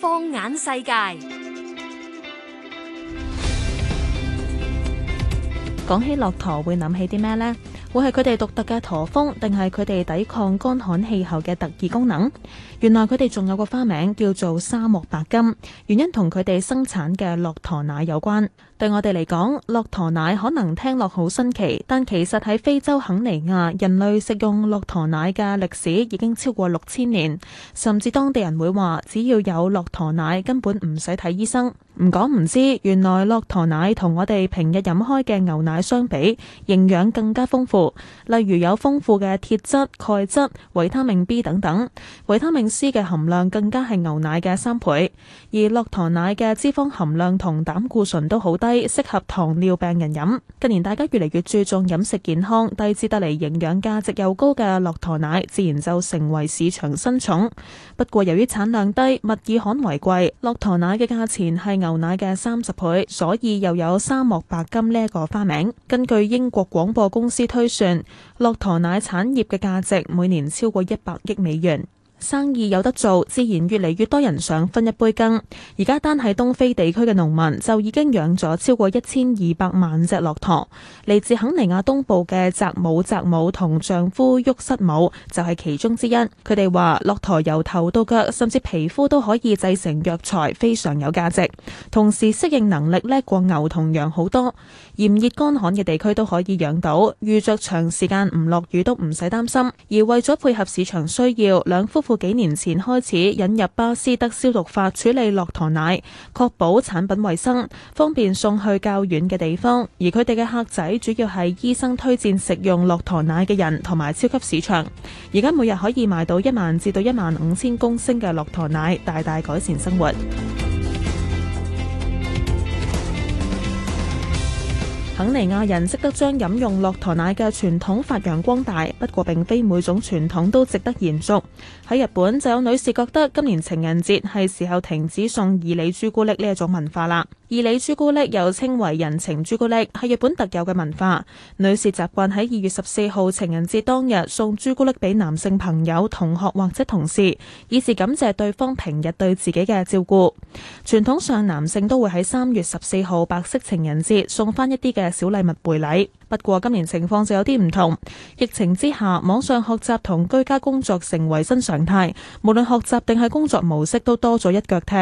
放眼世界，講起駱駝會諗起啲咩呢？會係佢哋獨特嘅駝峰，定係佢哋抵抗乾旱氣候嘅特異功能？原來佢哋仲有個花名叫做沙漠白金，原因同佢哋生產嘅駱駝奶有關。對我哋嚟講，駱駝奶可能聽落好新奇，但其實喺非洲肯尼亞，人類食用駱駝奶嘅歷史已經超過六千年，甚至當地人會話，只要有駱駝奶，根本唔使睇醫生。唔講唔知，原來駱駝奶同我哋平日飲開嘅牛奶相比，營養更加豐富，例如有豐富嘅鐵質、鈣質、維他命 B 等等，維他命 C 嘅含量更加係牛奶嘅三倍，而駱駝奶嘅脂肪含量同膽固醇都好低。適合糖尿病人飲。近年大家越嚟越注重飲食健康，低脂得嚟營養價值又高嘅駱駝奶，自然就成為市場新寵。不過由於產量低，物以罕為貴，駱駝奶嘅價錢係牛奶嘅三十倍，所以又有沙漠白金呢一個花名。根據英國廣播公司推算，駱駝奶產業嘅價值每年超過一百億美元。生意有得做，自然越嚟越多人想分一杯羹。而家單喺東非地區嘅農民就已經養咗超過一千二百萬隻駱駝，嚟自肯尼亞東部嘅澤姆、澤姆同丈夫沃塞姆就係其中之一。佢哋話，駱駝由頭到腳，甚至皮膚都可以製成藥材，非常有價值。同時適應能力叻過牛同羊好多，炎熱乾旱嘅地區都可以養到，遇着長時間唔落雨都唔使擔心。而為咗配合市場需要，兩夫婦。幾年前開始引入巴斯德消毒法處理駱駝奶，確保產品衛生，方便送去較遠嘅地方。而佢哋嘅客仔主要係醫生推薦食用駱駝奶嘅人，同埋超級市場。而家每日可以賣到一萬至到一萬五千公升嘅駱駝奶，大大改善生活。肯尼亞人識得將飲用駱駝奶嘅傳統發揚光大，不過並非每種傳統都值得延續。喺日本就有女士覺得今年情人節係時候停止送義理朱古力呢一種文化啦。義理朱古力又稱為人情朱古力，係日本特有嘅文化。女士習慣喺二月十四號情人節當日送朱古力俾男性朋友、同學或者同事，以示感謝對方平日對自己嘅照顧。傳統上，男性都會喺三月十四號白色情人節送翻一啲嘅小禮物回禮。不過今年情況就有啲唔同，疫情之下，網上學習同居家工作成為新常態，無論學習定係工作模式都多咗一腳踢。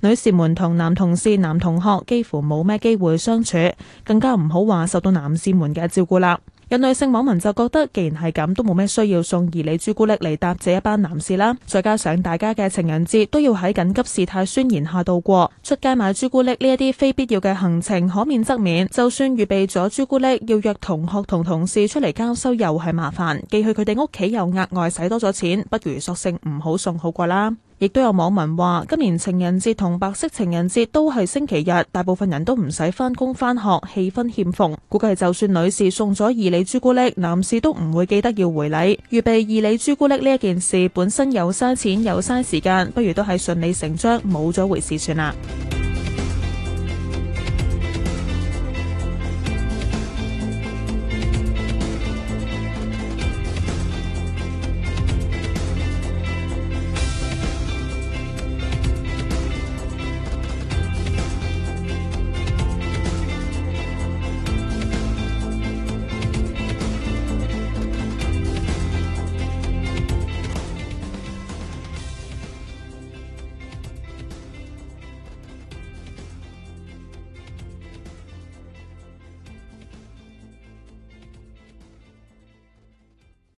女士們同男同事、男同學， 幾乎冇咩機會相處，更加唔好話受到男士們嘅照顧啦。有女性網民就覺得，既然係咁，都冇咩需要送義理朱古力嚟答謝這一班男士啦。再加上大家嘅情人節都要喺緊急事態宣言下度過，出街買朱古力呢一啲非必要嘅行程，可免則免。就算預備咗朱古力，要約同學同同事出嚟交收又係麻煩，寄去佢哋屋企又額外使多咗錢，不如索性唔好送好過啦。亦都有網民話：今年情人節同白色情人節都係星期日，大部分人都唔使返工返學，氣氛欠奉。估計就算女士送咗義理朱古力，男士都唔會記得要回禮。預備義理朱古力呢一件事，本身又嘥錢又嘥時間，不如都係順理成章，冇咗回事算啦。